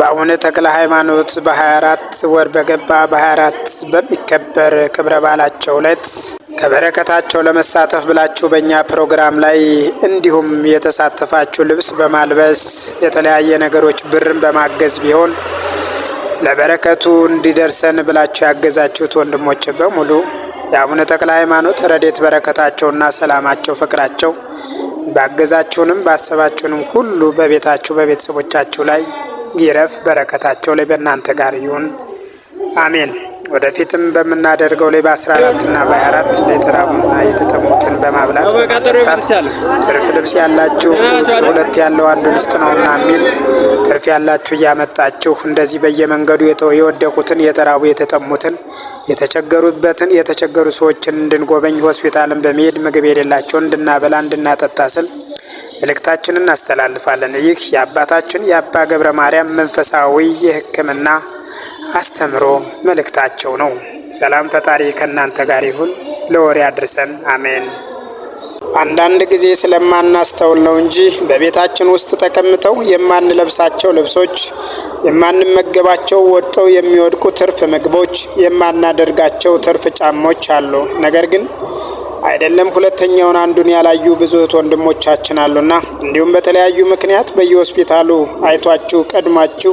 በአቡነ ተክለ ሃይማኖት በ24 ወር በገባ በ24 በሚከበር ክብረ በዓላቸው ዕለት ከበረከታቸው ለመሳተፍ ብላችሁ በእኛ ፕሮግራም ላይ እንዲሁም የተሳተፋችሁ ልብስ በማልበስ የተለያየ ነገሮች ብርን በማገዝ ቢሆን ለበረከቱ እንዲደርሰን ብላችሁ ያገዛችሁት ወንድሞች በሙሉ የአቡነ ተክለ ሃይማኖት ረዴት በረከታቸውና ሰላማቸው ፍቅራቸው ባገዛችሁንም ባሰባችሁንም ሁሉ በቤታችሁ በቤተሰቦቻችሁ ላይ ይረፍ። በረከታቸው ላይ በእናንተ ጋር ይሁን አሜን። ወደፊትም በምናደርገው ላይ በ14 እና በ24 የተራቡና የተጠሙትን በማብላት ትርፍ ልብስ ያላችሁ ሁለት ያለው አንዱን ስጥ ነውና የሚል ትርፍ ያላችሁ እያመጣችሁ እንደዚህ በየመንገዱ የወደቁትን የተራቡ የተጠሙትን የተቸገሩበትን የተቸገሩ ሰዎችን እንድንጎበኝ ሆስፒታልን በመሄድ ምግብ የሌላቸውን እንድናበላ እንድናጠጣ ስል መልእክታችንን እናስተላልፋለን። ይህ የአባታችን የአባ ገብረ ማርያም መንፈሳዊ የሕክምና አስተምሮ መልእክታቸው ነው። ሰላም ፈጣሪ ከእናንተ ጋር ይሁን። ለወሬ አድርሰን አሜን። አንዳንድ ጊዜ ስለማናስተውል ነው እንጂ በቤታችን ውስጥ ተቀምጠው የማንለብሳቸው ልብሶች፣ የማንመገባቸው ወድቀው የሚወድቁ ትርፍ ምግቦች፣ የማናደርጋቸው ትርፍ ጫሞች አሉ። ነገር ግን አይደለም ሁለተኛውን አንዱን ያላዩ ብዙ እህት ወንድሞቻችን አሉና እንዲሁም በተለያዩ ምክንያት በየሆስፒታሉ አይቷችሁ ቀድማችሁ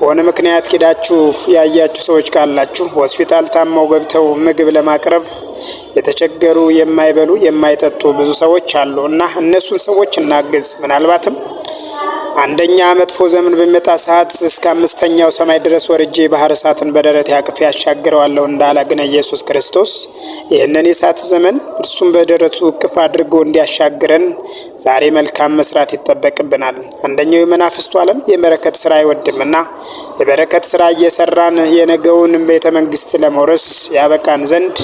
በሆነ ምክንያት ሄዳችሁ ያያችሁ ሰዎች ካላችሁ ሆስፒታል ታመው ገብተው ምግብ ለማቅረብ የተቸገሩ የማይበሉ የማይጠጡ ብዙ ሰዎች አሉ እና እነሱን ሰዎች እናግዝ። ምናልባትም አንደኛ መጥፎ ዘመን በሚመጣ ሰዓት እስከ አምስተኛው ሰማይ ድረስ ወርጄ ባህር እሳትን በደረት ያቅፍ ያሻግረዋለሁ እንዳለ ግን ኢየሱስ ክርስቶስ ይህንን የእሳት ዘመን እርሱም በደረቱ እቅፍ አድርጎ እንዲያሻግረን ዛሬ መልካም መስራት ይጠበቅብናል። አንደኛው የመናፍስቱ ዓለም የበረከት ስራ አይወድምና የበረከት ስራ እየሰራን የነገውን ቤተ መንግስት ለመውረስ ያበቃን ዘንድ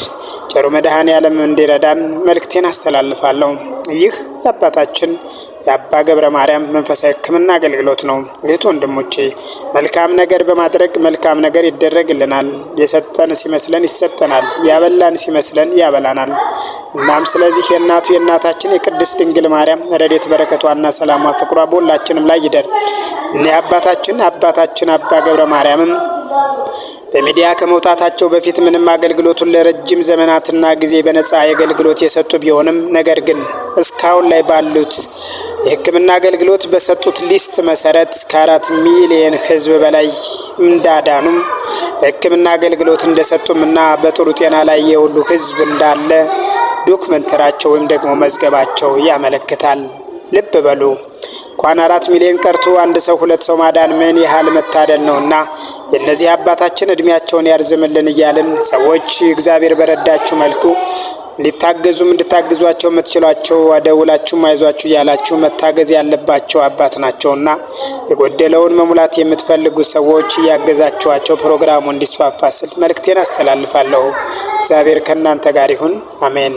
ጨሩ መድኃኔ ዓለም እንዲረዳን መልእክቴን አስተላልፋለሁ። ይህ የአባታችን ለአባ ገብረ ማርያም መንፈሳዊ ሕክምና አገልግሎት ነው። እህት ወንድሞቼ፣ መልካም ነገር በማድረግ መልካም ነገር ይደረግልናል። የሰጠን ሲመስለን ይሰጠናል፣ ያበላን ሲመስለን ያበላናል። እናም ስለዚህ የእናቱ የእናታችን የቅድስት ድንግል ማርያም ረድኤት በረከቷና ሰላሟ ፍቅሯ በሁላችንም ላይ ይደር። እኒህ አባታችን አባታችን አባ ገብረ ማርያምም በሚዲያ ከመውጣታቸው በፊት ምንም አገልግሎቱን ለረጅም ዘመናትና ጊዜ በነፃ አገልግሎት የሰጡ ቢሆንም ነገር ግን እስካሁን ላይ ባሉት የሕክምና አገልግሎት በሰጡት ሊስት መሰረት ከአራት ሚሊየን ህዝብ በላይ እንዳዳኑም ለሕክምና አገልግሎት እንደሰጡም እና በጥሩ ጤና ላይ የሁሉ ህዝብ እንዳለ ዶክመንተራቸው ወይም ደግሞ መዝገባቸው ያመለክታል። ልብ በሉ እንኳን አራት ሚሊዮን ቀርቶ አንድ ሰው ሁለት ሰው ማዳን ምን ያህል መታደል ነውና የእነዚህ አባታችን እድሜያቸውን ያርዝምልን እያልን ሰዎች እግዚአብሔር በረዳችሁ መልኩ ሊታገዙም እንድታግዟቸው የምትችሏቸው አደውላችሁም አይዟችሁ እያላችሁ መታገዝ ያለባቸው አባት ናቸውና የጎደለውን መሙላት የምትፈልጉ ሰዎች እያገዛችኋቸው ፕሮግራሙ እንዲስፋፋ ስል መልእክቴን አስተላልፋለሁ። እግዚአብሔር ከእናንተ ጋር ይሁን፣ አሜን።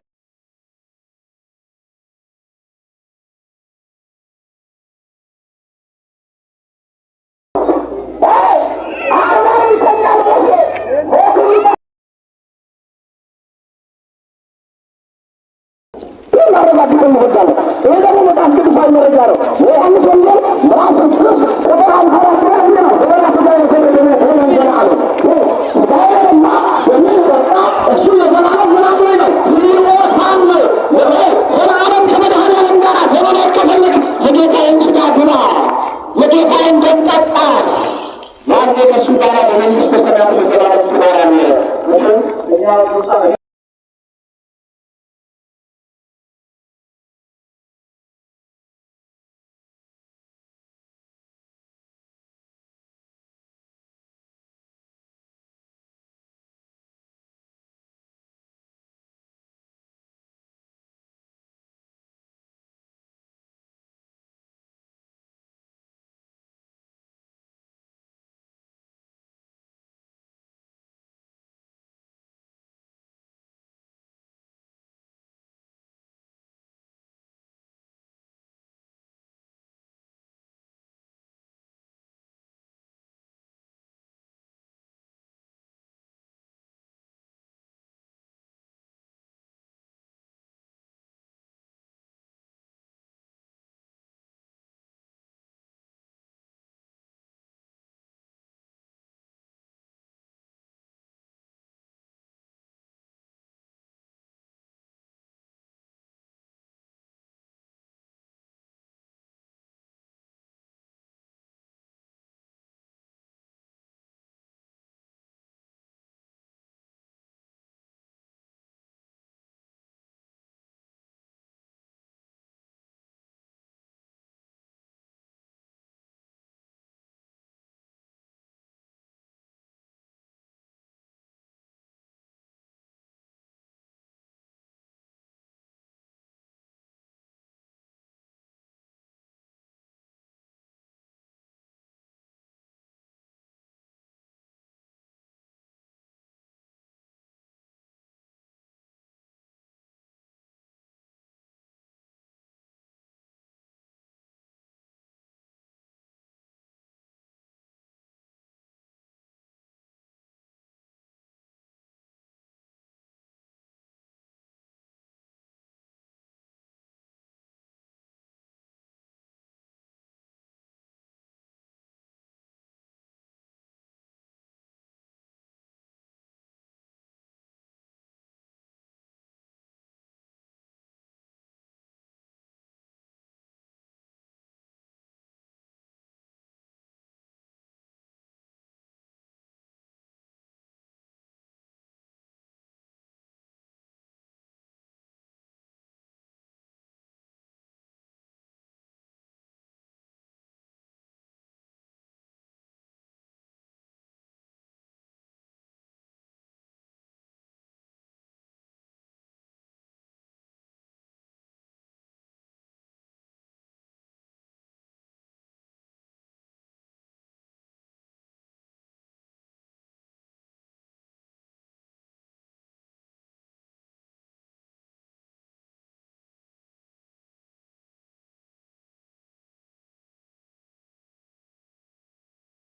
เรา